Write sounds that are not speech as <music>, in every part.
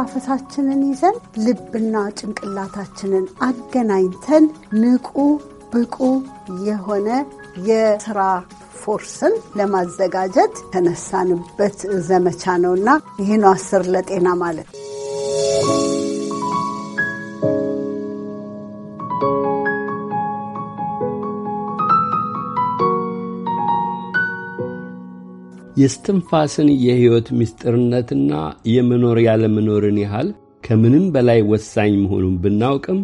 አተነፋፈሳችንን ይዘን ልብና ጭንቅላታችንን አገናኝተን ንቁ ብቁ የሆነ የስራ ፎርስን ለማዘጋጀት ተነሳንበት ዘመቻ ነውና ይህ አስር ለጤና ማለት። የስትንፋስን የሕይወት ምስጢርነትና የመኖር ያለመኖርን ያህል ከምንም በላይ ወሳኝ መሆኑን ብናውቅም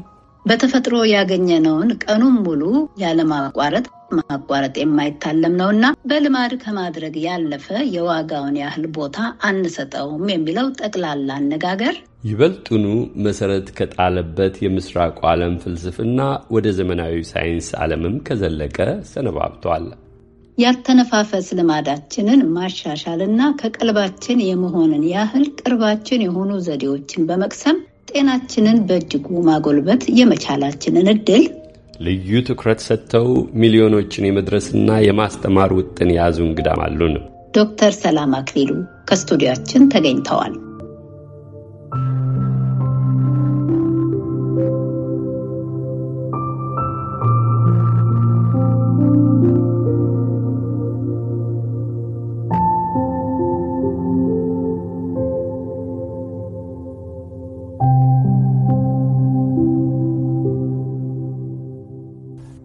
በተፈጥሮ ያገኘነውን ቀኑን ሙሉ ያለማቋረጥ ማቋረጥ የማይታለም ነውና በልማድ ከማድረግ ያለፈ የዋጋውን ያህል ቦታ አንሰጠውም የሚለው ጠቅላላ አነጋገር ይበልጡኑ መሰረት ከጣለበት የምስራቁ ዓለም ፍልስፍና ወደ ዘመናዊ ሳይንስ ዓለምም ከዘለቀ ሰነባብቷል። ያተነፋፈስ ልማዳችንን እና ከቀልባችን የመሆንን ያህል ቅርባችን የሆኑ ዘዴዎችን በመቅሰም ጤናችንን በእጅጉ ማጎልበት የመቻላችንን እድል ልዩ ትኩረት ሰጥተው ሚሊዮኖችን የመድረስና የማስተማር ውጥን የያዙ እንግዳም አሉን። ዶክተር ሰላም አክሊሉ ከስቱዲያችን ተገኝተዋል።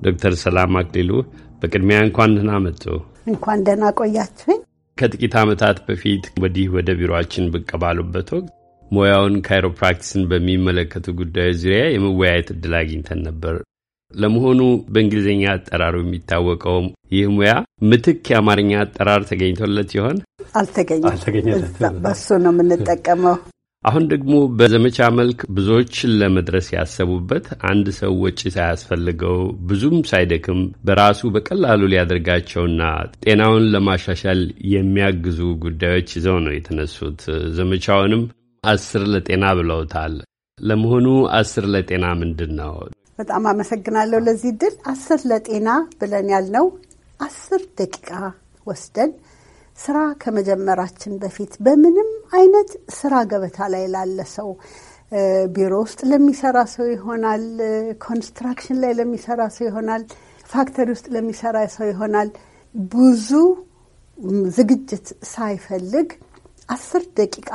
ዶክተር ሰላም አክሊሉ በቅድሚያ እንኳን ደህና መጡ። እንኳን ደህና ቆያችሁኝ። ከጥቂት ዓመታት በፊት ወዲህ ወደ ቢሮችን ብቅ ባሉበት ወቅት ሙያውን ካይሮፕራክቲስን በሚመለከቱ ጉዳዮች ዙሪያ የመወያየት እድል አግኝተን ነበር። ለመሆኑ በእንግሊዝኛ አጠራሩ የሚታወቀውም ይህ ሙያ ምትክ የአማርኛ አጠራር ተገኝቶለት ሲሆን? አልተገኘ። በሱ ነው የምንጠቀመው። አሁን ደግሞ በዘመቻ መልክ ብዙዎችን ለመድረስ ያሰቡበት አንድ ሰው ወጪ ሳያስፈልገው ብዙም ሳይደክም በራሱ በቀላሉ ሊያደርጋቸውና ጤናውን ለማሻሻል የሚያግዙ ጉዳዮች ይዘው ነው የተነሱት። ዘመቻውንም አስር ለጤና ብለውታል። ለመሆኑ አስር ለጤና ምንድን ነው? በጣም አመሰግናለሁ ለዚህ ድል። አስር ለጤና ብለን ያልነው አስር ደቂቃ ወስደን ስራ ከመጀመራችን በፊት በምንም አይነት ስራ ገበታ ላይ ላለ ሰው ቢሮ ውስጥ ለሚሰራ ሰው ይሆናል። ኮንስትራክሽን ላይ ለሚሰራ ሰው ይሆናል። ፋክተሪ ውስጥ ለሚሰራ ሰው ይሆናል። ብዙ ዝግጅት ሳይፈልግ አስር ደቂቃ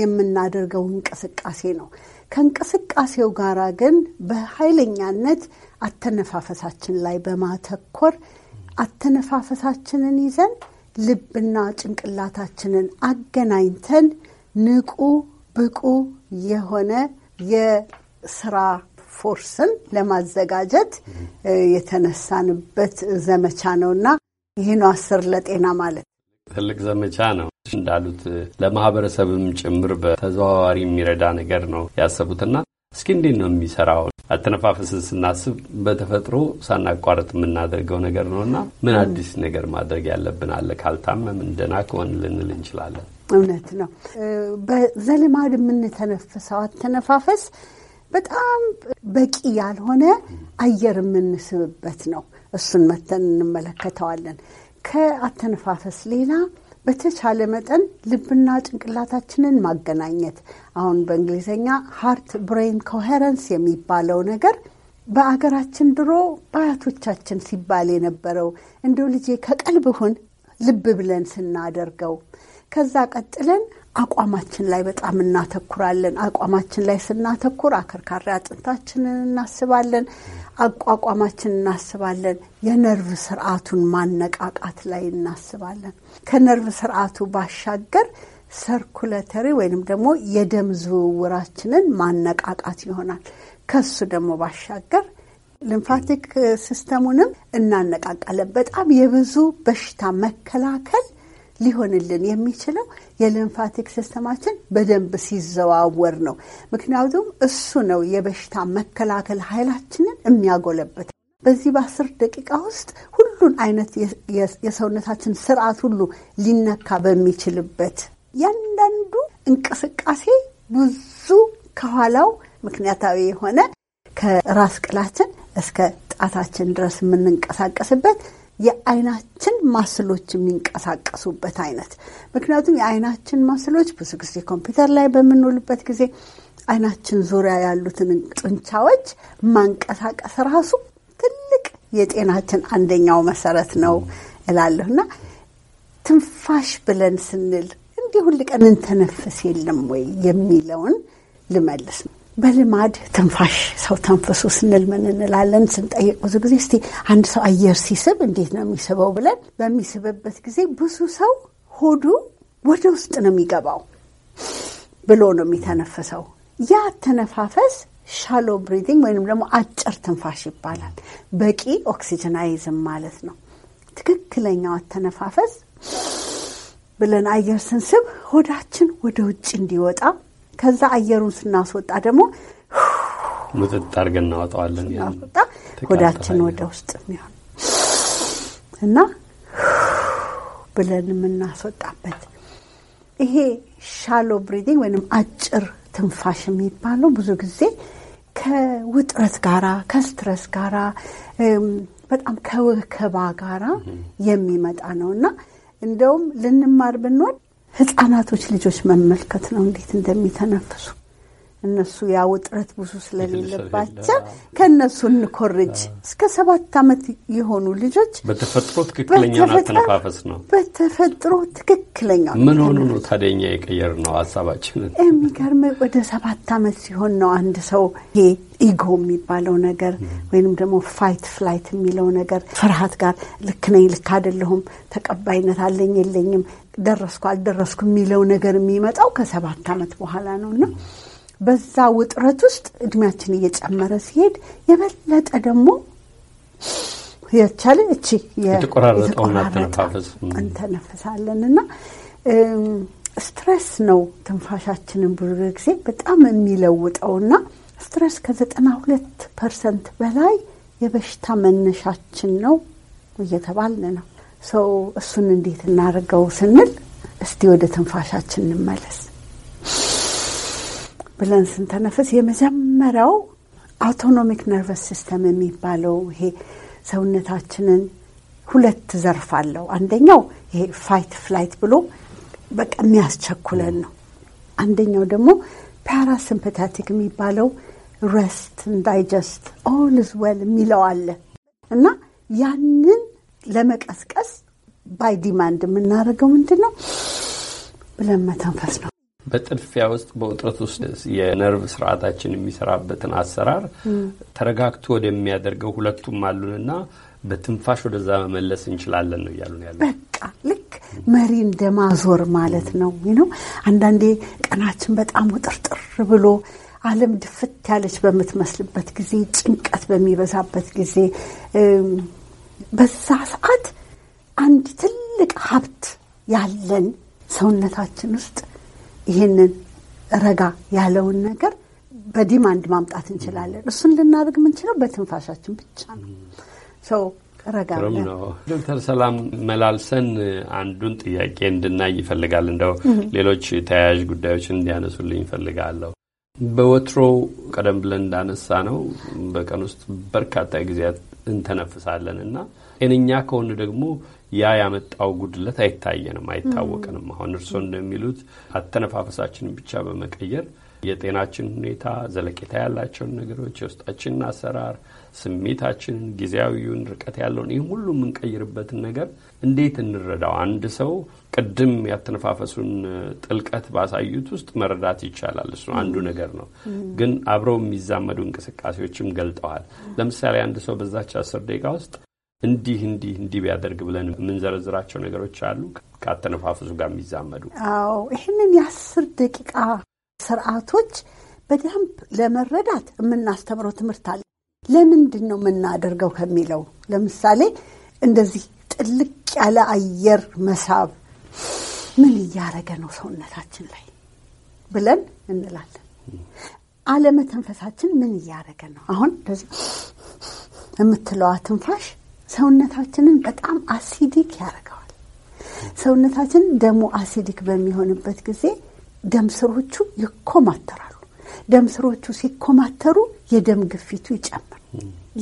የምናደርገው እንቅስቃሴ ነው። ከእንቅስቃሴው ጋር ግን በኃይለኛነት አተነፋፈሳችን ላይ በማተኮር አተነፋፈሳችንን ይዘን ልብና ጭንቅላታችንን አገናኝተን ንቁ ብቁ የሆነ የስራ ፎርስን ለማዘጋጀት የተነሳንበት ዘመቻ ነው እና አስር ለጤና ማለት ትልቅ ዘመቻ ነው። እንዳሉት ለማህበረሰብም ጭምር በተዘዋዋሪ የሚረዳ ነገር ነው ያሰቡትና እስኪ እንዴት ነው የሚሰራው? አተነፋፈስን ስናስብ በተፈጥሮ ሳናቋረጥ የምናደርገው ነገር ነው እና ምን አዲስ ነገር ማድረግ ያለብን አለ? ካልታመም እንደና ከሆን ልንል እንችላለን። እውነት ነው። በዘልማድ የምንተነፍሰው አተነፋፈስ በጣም በቂ ያልሆነ አየር የምንስብበት ነው። እሱን መተን እንመለከተዋለን። ከአተነፋፈስ ሌላ በተቻለ መጠን ልብና ጭንቅላታችንን ማገናኘት አሁን በእንግሊዝኛ ሃርት ብሬን ኮሄረንስ የሚባለው ነገር በአገራችን ድሮ በአያቶቻችን ሲባል የነበረው እንደው ልጄ ከቀልብ ሁን ልብ ብለን ስናደርገው ከዛ ቀጥለን አቋማችን ላይ በጣም እናተኩራለን። አቋማችን ላይ ስናተኩር አከርካሪ አጥንታችንን እናስባለን፣ አቋቋማችን እናስባለን፣ የነርቭ ስርዓቱን ማነቃቃት ላይ እናስባለን። ከነርቭ ስርዓቱ ባሻገር ሰርኩለተሪ ወይንም ደግሞ የደም ዝውውራችንን ማነቃቃት ይሆናል። ከሱ ደግሞ ባሻገር ሊምፋቲክ ሲስተሙንም እናነቃቃለን። በጣም የብዙ በሽታ መከላከል ሊሆንልን የሚችለው የሊምፋቲክ ሲስተማችን በደንብ ሲዘዋወር ነው። ምክንያቱም እሱ ነው የበሽታ መከላከል ኃይላችንን የሚያጎለበት። በዚህ በአስር ደቂቃ ውስጥ ሁሉን አይነት የሰውነታችን ስርዓት ሁሉ ሊነካ በሚችልበት ያንዳንዱ እንቅስቃሴ ብዙ ከኋላው ምክንያታዊ የሆነ ከራስ ቅላችን እስከ ጣታችን ድረስ የምንንቀሳቀስበት የአይናችን ማስሎች የሚንቀሳቀሱበት አይነት። ምክንያቱም የአይናችን ማስሎች ብዙ ጊዜ ኮምፒውተር ላይ በምንውልበት ጊዜ አይናችን ዙሪያ ያሉትን ጡንቻዎች ማንቀሳቀስ ራሱ ትልቅ የጤናችን አንደኛው መሰረት ነው እላለሁ እና ትንፋሽ ብለን ስንል እንዲህ ሁል ቀን እንተነፍስ የለም ወይ የሚለውን ልመልስ ነው። በልማድ ትንፋሽ ሰው ተንፍሱ ስንል ምን እንላለን? ስንጠይቅ ብዙ ጊዜ እስቲ አንድ ሰው አየር ሲስብ እንዴት ነው የሚስበው ብለን በሚስብበት ጊዜ ብዙ ሰው ሆዱ ወደ ውስጥ ነው የሚገባው ብሎ ነው የሚተነፈሰው። ያ አተነፋፈስ ሻሎ ብሪዲንግ ወይንም ደግሞ አጭር ትንፋሽ ይባላል። በቂ ኦክሲጅን አይዝም ማለት ነው። ትክክለኛው አተነፋፈስ ብለን አየር ስንስብ ሆዳችን ወደ ውጭ እንዲወጣ ከዛ አየሩን ስናስወጣ ደግሞ ምጥጥ አርገ እናወጣዋለን። ስናስወጣ ሆዳችን ወደ ውስጥ የሚሆን እና ብለን የምናስወጣበት ይሄ ሻሎ ብሪዲንግ ወይም አጭር ትንፋሽ የሚባለው ብዙ ጊዜ ከውጥረት ጋራ ከስትረስ ጋራ በጣም ከወከባ ጋራ የሚመጣ ነው እና እንደውም ልንማር ብንወድ ህጻናቶች ልጆች መመልከት ነው እንዴት እንደሚተነፍሱ እነሱ ያ ውጥረት ብዙ ስለሌለባቸው ከእነሱ እንኮርጅ። እስከ ሰባት ዓመት የሆኑ ልጆች በተፈጥሮ ትክክለኛውን አተነፋፈስ ነው። በተፈጥሮ ትክክለኛ ምን ሆኑ ነው ታደኛ የቀየር ነው ሀሳባችንን። የሚገርም ወደ ሰባት ዓመት ሲሆን ነው አንድ ሰው ይሄ ኢጎ የሚባለው ነገር ወይንም ደግሞ ፋይት ፍላይት የሚለው ነገር ፍርሃት ጋር ልክ ነኝ፣ ልክ አይደለሁም፣ ተቀባይነት አለኝ የለኝም፣ ደረስኩ አልደረስኩ የሚለው ነገር የሚመጣው ከሰባት ዓመት በኋላ ነው እና በዛ ውጥረት ውስጥ እድሜያችን እየጨመረ ሲሄድ የበለጠ ደግሞ የቻለ እቺ እንተነፍሳለን እና ስትረስ ነው ትንፋሻችንን ብዙ ጊዜ በጣም የሚለውጠውና ስትረስ ከዘጠና ሁለት ፐርሰንት በላይ የበሽታ መነሻችን ነው እየተባልን ነው። ሰው እሱን እንዴት እናደርገው ስንል እስቲ ወደ ትንፋሻችን እንመለስ። ብለን ስንተነፍስ የመጀመሪያው አውቶኖሚክ ነርቨስ ሲስተም የሚባለው ይሄ ሰውነታችንን ሁለት ዘርፍ አለው። አንደኛው ይሄ ፋይት ፍላይት ብሎ በቃ የሚያስቸኩለን ነው። አንደኛው ደግሞ ፓራሲምፐታቲክ የሚባለው ረስት ዳይጀስት ኦል ዝ ዌል የሚለው አለ እና ያንን ለመቀስቀስ ባይ ዲማንድ የምናደርገው ምንድን ነው ብለን መተንፈስ ነው። በጥድፊያ ውስጥ በውጥረት ውስጥ የነርቭ ስርዓታችን የሚሰራበትን አሰራር ተረጋግቶ ወደሚያደርገው ሁለቱም አሉንና በትንፋሽ ወደዛ መመለስ እንችላለን ነው እያሉ ያለ በቃ ልክ መሪ እንደ ማዞር ማለት ነው ነው። አንዳንዴ ቀናችን በጣም ውጥርጥር ብሎ ዓለም ድፍት ያለች በምትመስልበት ጊዜ፣ ጭንቀት በሚበዛበት ጊዜ በዛ ሰዓት አንድ ትልቅ ሀብት ያለን ሰውነታችን ውስጥ ይህንን ረጋ ያለውን ነገር በዲማንድ ማምጣት እንችላለን። እሱን ልናደርግ የምንችለው በትንፋሻችን ብቻ ነው። ዶክተር ሰላም መላልሰን አንዱን ጥያቄ እንድናይ ይፈልጋል። እንደው ሌሎች ተያያዥ ጉዳዮችን እንዲያነሱልኝ ይፈልጋለሁ። በወትሮ ቀደም ብለን እንዳነሳ ነው በቀን ውስጥ በርካታ ጊዜያት እንተነፍሳለን እና ጤነኛ ከሆኑ ደግሞ ያ ያመጣው ጉድለት አይታየንም፣ አይታወቅንም አሁን እርስዎ እንደሚሉት አተነፋፈሳችንን ብቻ በመቀየር የጤናችን ሁኔታ ዘለቄታ ያላቸውን ነገሮች የውስጣችንን አሰራር፣ ስሜታችንን፣ ጊዜያዊውን፣ ርቀት ያለውን ይህም ሁሉ የምንቀይርበትን ነገር እንዴት እንረዳው? አንድ ሰው ቅድም ያተነፋፈሱን ጥልቀት ባሳዩት ውስጥ መረዳት ይቻላል። እሱ አንዱ ነገር ነው። ግን አብረው የሚዛመዱ እንቅስቃሴዎችም ገልጠዋል። ለምሳሌ አንድ ሰው በዛች አስር ደቂቃ ውስጥ እንዲህ እንዲህ እንዲህ ቢያደርግ ብለን የምንዘረዝራቸው ነገሮች አሉ ከአተነፋፈሱ ጋር የሚዛመዱ? አዎ፣ ይህንን የአስር ደቂቃ ስርዓቶች በደንብ ለመረዳት የምናስተምረው ትምህርት አለ። ለምንድን ነው የምናደርገው ከሚለው ለምሳሌ እንደዚህ ጥልቅ ያለ አየር መሳብ ምን እያደረገ ነው ሰውነታችን ላይ ብለን እንላለን። አለመተንፈሳችን ምን እያደረገ ነው? አሁን እንደዚህ የምትለዋ ትንፋሽ ሰውነታችንን በጣም አሲዲክ ያደርገዋል። ሰውነታችን ደሞ አሲዲክ በሚሆንበት ጊዜ ደም ስሮቹ ይኮማተራሉ። ደም ስሮቹ ሲኮማተሩ የደም ግፊቱ ይጨምራል።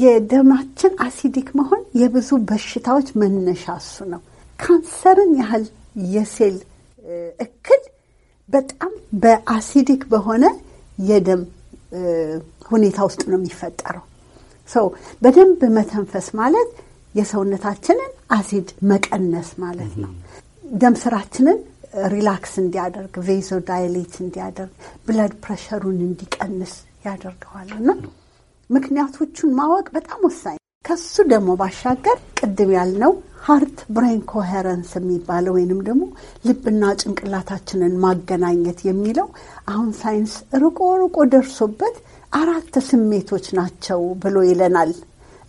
የደማችን አሲዲክ መሆን የብዙ በሽታዎች መነሻ እሱ ነው። ካንሰርን ያህል የሴል እክል በጣም በአሲዲክ በሆነ የደም ሁኔታ ውስጥ ነው የሚፈጠረው። ሰው በደንብ መተንፈስ ማለት የሰውነታችንን አሲድ መቀነስ ማለት ነው። ደም ስራችንን ሪላክስ እንዲያደርግ ቬዞ ዳይሌት እንዲያደርግ ብለድ ፕሬሸሩን እንዲቀንስ ያደርገዋል እና ምክንያቶቹን ማወቅ በጣም ወሳኝ። ከሱ ደግሞ ባሻገር ቅድም ያልነው ሀርት ብሬን ኮሄረንስ የሚባለው ወይንም ደግሞ ልብና ጭንቅላታችንን ማገናኘት የሚለው አሁን ሳይንስ ርቆ ርቆ ደርሶበት አራት ስሜቶች ናቸው ብሎ ይለናል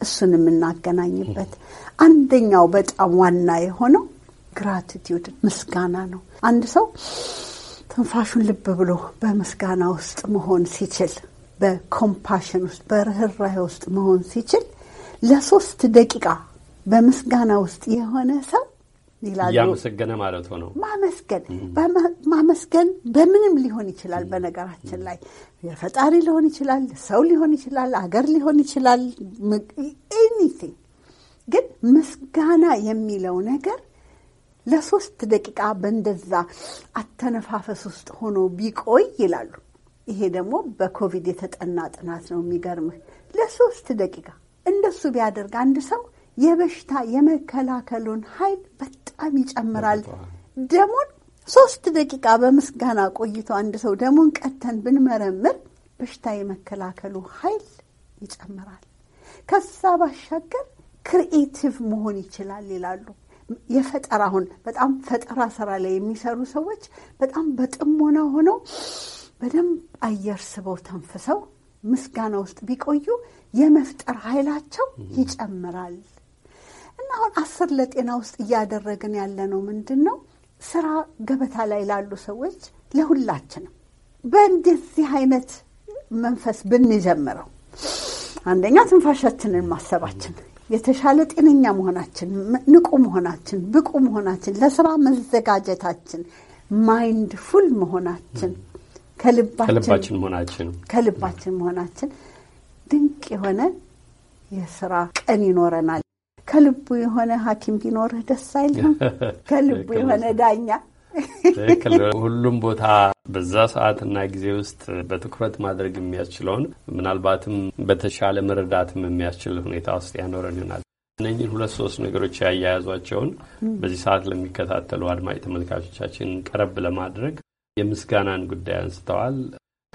እሱን የምናገናኝበት አንደኛው በጣም ዋና የሆነው ግራቲቲዩድ ምስጋና ነው። አንድ ሰው ትንፋሹን ልብ ብሎ በምስጋና ውስጥ መሆን ሲችል፣ በኮምፓሽን ውስጥ በርኅራኄ ውስጥ መሆን ሲችል ለሶስት ደቂቃ በምስጋና ውስጥ የሆነ ሰው ይላሉ። እያመሰገነ ማለት ነው። ማመስገን ማመስገን በምንም ሊሆን ይችላል። በነገራችን ላይ የፈጣሪ ሊሆን ይችላል፣ ሰው ሊሆን ይችላል፣ አገር ሊሆን ይችላል። ኤኒቲንግ ግን ምስጋና የሚለው ነገር ለሶስት ደቂቃ በእንደዛ አተነፋፈስ ውስጥ ሆኖ ቢቆይ ይላሉ። ይሄ ደግሞ በኮቪድ የተጠና ጥናት ነው። የሚገርምህ ለሶስት ደቂቃ እንደሱ ቢያደርግ አንድ ሰው የበሽታ የመከላከሉን ኃይል በጣም ይጨምራል። ደሙን ሶስት ደቂቃ በምስጋና ቆይቶ አንድ ሰው ደሙን ቀተን ብንመረምር በሽታ የመከላከሉ ኃይል ይጨምራል። ከዛ ባሻገር ክርኤቲቭ መሆን ይችላል ይላሉ። የፈጠራ አሁን በጣም ፈጠራ ስራ ላይ የሚሰሩ ሰዎች በጣም በጥሞና ሆነው በደንብ አየር ስበው ተንፍሰው ምስጋና ውስጥ ቢቆዩ የመፍጠር ኃይላቸው ይጨምራል አሁን አስር ለጤና ውስጥ እያደረግን ያለ ነው ምንድን ነው ስራ ገበታ ላይ ላሉ ሰዎች ለሁላችንም በእንደዚህ አይነት መንፈስ ብንጀምረው አንደኛ ትንፋሻችንን ማሰባችን የተሻለ ጤነኛ መሆናችን፣ ንቁ መሆናችን፣ ብቁ መሆናችን፣ ለስራ መዘጋጀታችን፣ ፉል መሆናችን፣ ከልባችን መሆናችን ከልባችን መሆናችን ድንቅ የሆነ የስራ ቀን ይኖረናል። ከልቡ የሆነ ሐኪም ቢኖርህ ደስ አይልም? <laughs> ከልቡ የሆነ ዳኛ <laughs> ሁሉም ቦታ በዛ ሰዓትና ጊዜ ውስጥ በትኩረት ማድረግ የሚያስችለውን ምናልባትም በተሻለ መረዳትም የሚያስችል ሁኔታ ውስጥ ያኖረን ይሆናል። እነኝን ሁለት ሶስት ነገሮች ያያያዟቸውን በዚህ ሰዓት ለሚከታተሉ አድማጭ ተመልካቾቻችን ቀረብ ለማድረግ የምስጋናን ጉዳይ አንስተዋል።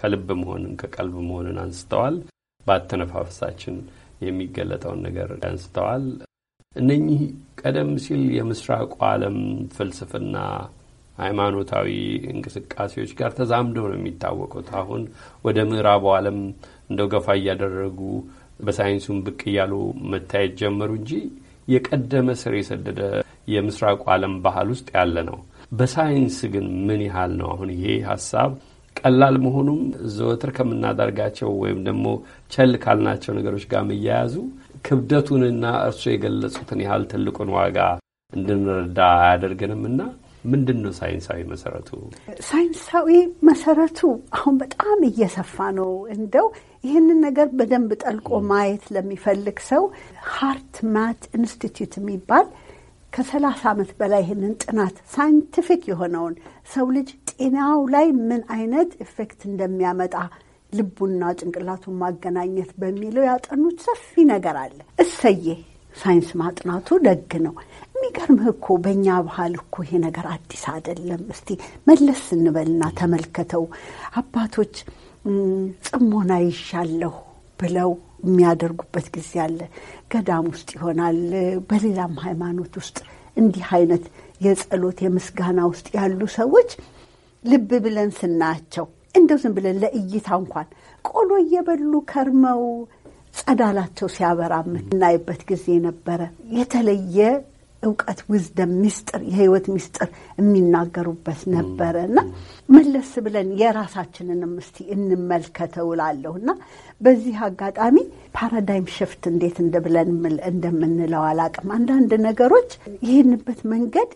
ከልብ መሆንን ከቀልብ መሆንን አንስተዋል። በአተነፋፈሳችን የሚገለጠውን ነገር አንስተዋል። እነኚህ ቀደም ሲል የምስራቁ ዓለም ፍልስፍና ሃይማኖታዊ እንቅስቃሴዎች ጋር ተዛምዶ ነው የሚታወቁት። አሁን ወደ ምዕራቡ ዓለም እንደው ገፋ እያደረጉ በሳይንሱም ብቅ እያሉ መታየት ጀመሩ እንጂ የቀደመ ስር የሰደደ የምስራቁ ዓለም ባህል ውስጥ ያለ ነው። በሳይንስ ግን ምን ያህል ነው አሁን ይሄ ሀሳብ ቀላል መሆኑም ዘወትር ከምናደርጋቸው ወይም ደግሞ ቸል ካልናቸው ነገሮች ጋር መያያዙ ክብደቱንና እርሱ የገለጹትን ያህል ትልቁን ዋጋ እንድንረዳ አያደርገንም እና ምንድን ነው ሳይንሳዊ መሰረቱ? ሳይንሳዊ መሰረቱ አሁን በጣም እየሰፋ ነው። እንደው ይህንን ነገር በደንብ ጠልቆ ማየት ለሚፈልግ ሰው ሃርት ማት ኢንስቲትዩት የሚባል ከሰላሳ ዓመት በላይ ይህንን ጥናት ሳይንቲፊክ የሆነውን ሰው ልጅ ጤናው ላይ ምን አይነት ኢፌክት እንደሚያመጣ ልቡና ጭንቅላቱን ማገናኘት በሚለው ያጠኑት ሰፊ ነገር አለ። እሰዬ ሳይንስ ማጥናቱ ደግ ነው። የሚገርምህ እኮ በእኛ ባህል እኮ ይሄ ነገር አዲስ አይደለም። እስቲ መለስ እንበልና ተመልከተው። አባቶች ጽሞና ይሻለሁ ብለው የሚያደርጉበት ጊዜ አለ። ገዳም ውስጥ ይሆናል፣ በሌላም ሃይማኖት ውስጥ እንዲህ አይነት የጸሎት የምስጋና ውስጥ ያሉ ሰዎች ልብ ብለን ስናያቸው እንደው ዝም ብለን ለእይታ እንኳን ቆሎ እየበሉ ከርመው ጸዳላቸው ሲያበራ የምናይበት ጊዜ ነበረ። የተለየ እውቀት ውዝደም፣ ሚስጥር፣ የህይወት ሚስጥር የሚናገሩበት ነበረ እና መለስ ብለን የራሳችንንም እስቲ እንመልከተው እላለሁ እና በዚህ አጋጣሚ ፓራዳይም ሽፍት እንዴት እንደብለን እንደምንለው አላቅም። አንዳንድ ነገሮች ይህንበት መንገድ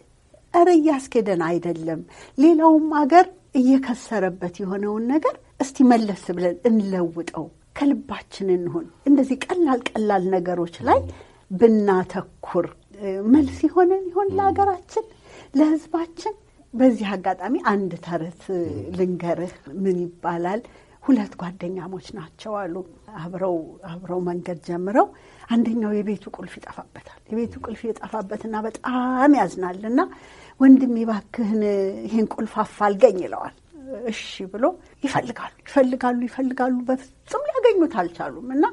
እረ እያስኬደን አይደለም ሌላውም አገር እየከሰረበት የሆነውን ነገር እስቲ መለስ ብለን እንለውጠው፣ ከልባችን እንሆን። እንደዚህ ቀላል ቀላል ነገሮች ላይ ብናተኩር መልስ የሆነን ይሆን ለሀገራችን፣ ለህዝባችን? በዚህ አጋጣሚ አንድ ተረት ልንገርህ። ምን ይባላል? ሁለት ጓደኛሞች ናቸው አሉ። አብረው አብረው መንገድ ጀምረው አንደኛው የቤቱ ቁልፍ ይጠፋበታል። የቤቱ ቁልፍ ይጠፋበትና በጣም ያዝናልና ወንድሜ ባክህን ይህን ቁልፋፋ አልገኝ ይለዋል። እሺ ብሎ ይፈልጋሉ ይፈልጋሉ ይፈልጋሉ፣ በፍጹም ሊያገኙት አልቻሉም። እና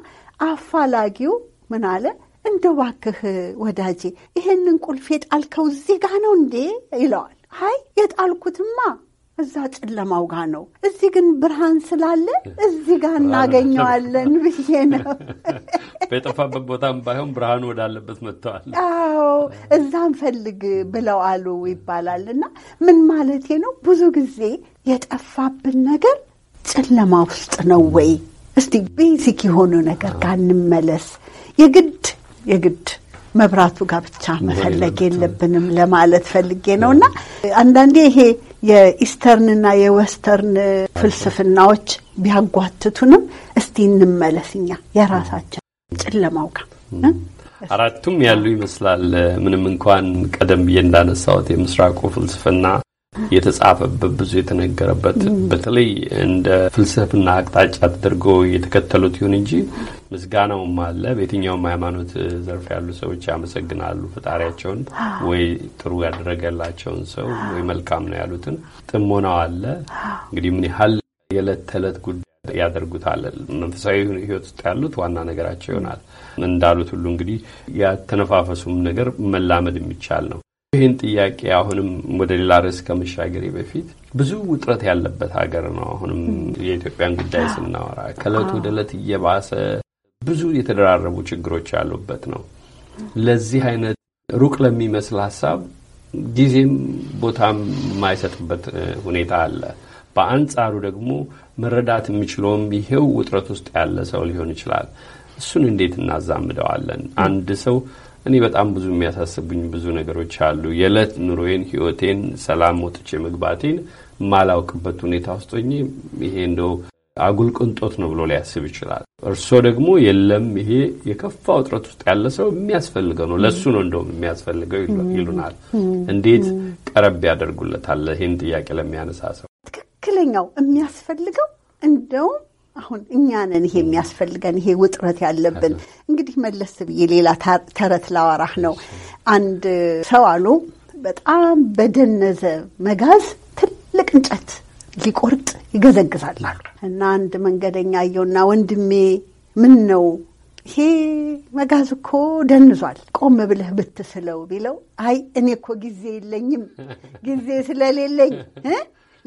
አፋላጊው ምን አለ እንደው ባክህ ወዳጄ ይህንን ቁልፍ የጣልከው እዚህ ጋ ነው እንዴ ይለዋል። አይ የጣልኩትማ እዛ ጨለማው ጋ ነው። እዚህ ግን ብርሃን ስላለ እዚህ ጋ እናገኘዋለን ብዬ ነው። <laughs> በጠፋበት ቦታም ባይሆን ብርሃኑ ወዳለበት መጥተዋል። አዎ እዛም ፈልግ ብለው አሉ ይባላል። እና ምን ማለቴ ነው? ብዙ ጊዜ የጠፋብን ነገር ጨለማ ውስጥ ነው ወይ? እስቲ ቤዚክ የሆነ ነገር ጋ እንመለስ። የግድ የግድ መብራቱ ጋር ብቻ መፈለግ የለብንም ለማለት ፈልጌ ነው እና አንዳንዴ ይሄ የኢስተርንና የወስተርን ፍልስፍናዎች ቢያጓትቱንም እስቲ እንመለስኛ የራሳቸው ጨለማው ጋር አራቱም ያሉ ይመስላል። ምንም እንኳን ቀደም ብዬ እንዳነሳሁት የምስራቁ ፍልስፍና የተጻፈበት ብዙ የተነገረበት በተለይ እንደ ፍልስፍና አቅጣጫ ተደርጎ የተከተሉት ይሁን እንጂ ምስጋናውም አለ። በየትኛውም ሃይማኖት ዘርፍ ያሉ ሰዎች ያመሰግናሉ ፈጣሪያቸውን ወይ ጥሩ ያደረገላቸውን ሰው ወይ መልካም ነው ያሉትን። ጥሞናው አለ እንግዲህ ምን ያህል የዕለት ተዕለት ጉዳይ ያደርጉታል። መንፈሳዊ ህይወት ውስጥ ያሉት ዋና ነገራቸው ይሆናል። እንዳሉት ሁሉ እንግዲህ ያተነፋፈሱም ነገር መላመድ የሚቻል ነው። ይህን ጥያቄ አሁንም ወደ ሌላ ርዕስ ከመሻገሬ በፊት ብዙ ውጥረት ያለበት ሀገር ነው። አሁንም የኢትዮጵያን ጉዳይ ስናወራ ከእለት ወደ እለት እየባሰ ብዙ የተደራረቡ ችግሮች ያሉበት ነው። ለዚህ አይነት ሩቅ ለሚመስል ሀሳብ ጊዜም ቦታም የማይሰጥበት ሁኔታ አለ። በአንጻሩ ደግሞ መረዳት የሚችለውም ይሄው ውጥረት ውስጥ ያለ ሰው ሊሆን ይችላል። እሱን እንዴት እናዛምደዋለን? አንድ ሰው እኔ በጣም ብዙ የሚያሳስቡኝ ብዙ ነገሮች አሉ። የዕለት ኑሮዬን፣ ህይወቴን፣ ሰላም ወጥቼ መግባቴን ማላውቅበት ሁኔታ ውስጥ ሆኜ ይሄ እንደው አጉል ቅንጦት ነው ብሎ ሊያስብ ይችላል። እርስዎ ደግሞ የለም ይሄ የከፋ ውጥረት ውስጥ ያለ ሰው የሚያስፈልገው ነው ለእሱ ነው እንደውም የሚያስፈልገው ይሉናል። እንዴት ቀረብ ያደርጉለታል? ይህን ጥያቄ ለሚያነሳ ሰው ትክክለኛው የሚያስፈልገው እንደውም አሁን እኛ ነን ይሄ የሚያስፈልገን ይሄ ውጥረት ያለብን። እንግዲህ መለስ ብዬ ሌላ ተረት ላወራህ ነው። አንድ ሰው አሉ በጣም በደነዘ መጋዝ ትልቅ እንጨት ሊቆርጥ ይገዘግዛል አሉ እና አንድ መንገደኛ አየውና ወንድሜ ምን ነው ይሄ መጋዝ እኮ ደንዟል፣ ቆም ብለህ ብትስለው ቢለው አይ እኔ እኮ ጊዜ የለኝም ጊዜ ስለሌለኝ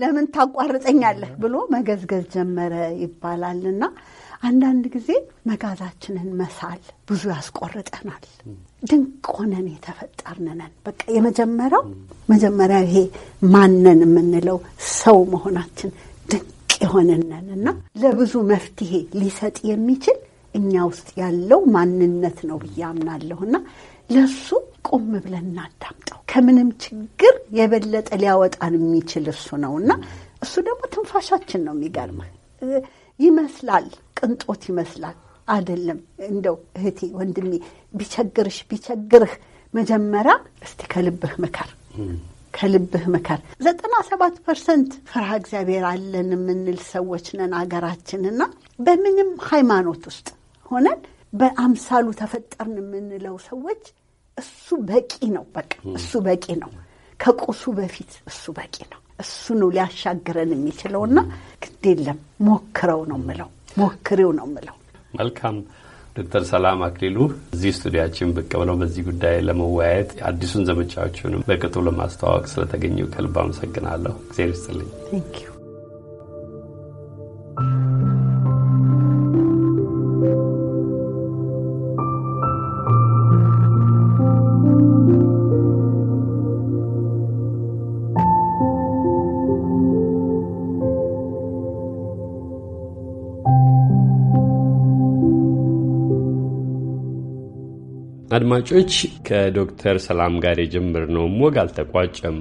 ለምን ታቋርጠኛለህ ብሎ መገዝገዝ ጀመረ ይባላልና አንዳንድ ጊዜ መጋዛችንን መሳል ብዙ ያስቆርጠናል። ድንቅ ሆነን የተፈጠርንነን በቃ የመጀመሪያው መጀመሪያ ይሄ ማነን የምንለው ሰው መሆናችን ድንቅ የሆንነን እና ለብዙ መፍትሄ ሊሰጥ የሚችል እኛ ውስጥ ያለው ማንነት ነው ብዬ አምናለሁና ለሱ ቆም ብለን እናዳምጠው። ከምንም ችግር የበለጠ ሊያወጣን የሚችል እርሱ ነው እና እሱ ደግሞ ትንፋሻችን ነው። የሚገርምህ ይመስላል፣ ቅንጦት ይመስላል። አይደለም። እንደው እህቴ ወንድሜ፣ ቢቸግርሽ ቢቸግርህ መጀመሪያ እስቲ ከልብህ ምከር ከልብህ ምከር። ዘጠና ሰባት ፐርሰንት ፍርሃ እግዚአብሔር አለን የምንል ሰዎች ነን አገራችንና በምንም ሃይማኖት ውስጥ ሆነን በአምሳሉ ተፈጠርን የምንለው ሰዎች እሱ በቂ ነው። በቃ እሱ በቂ ነው። ከቁሱ በፊት እሱ በቂ ነው። እሱ ነው ሊያሻግረን የሚችለውና ግድ የለም ሞክረው ነው ምለው ሞክሬው ነው ምለው። መልካም ዶክተር ሰላም አክሊሉ እዚህ ስቱዲያችን ብቅ ብለው በዚህ ጉዳይ ለመወያየት አዲሱን ዘመቻዎችንም በቅጡ ለማስተዋወቅ ስለተገኘ ከልብ አመሰግናለሁ። እግዜር ይስጥልኝ። አድማጮች ከዶክተር ሰላም ጋር የጀመርነውም ወግ አልተቋጨም።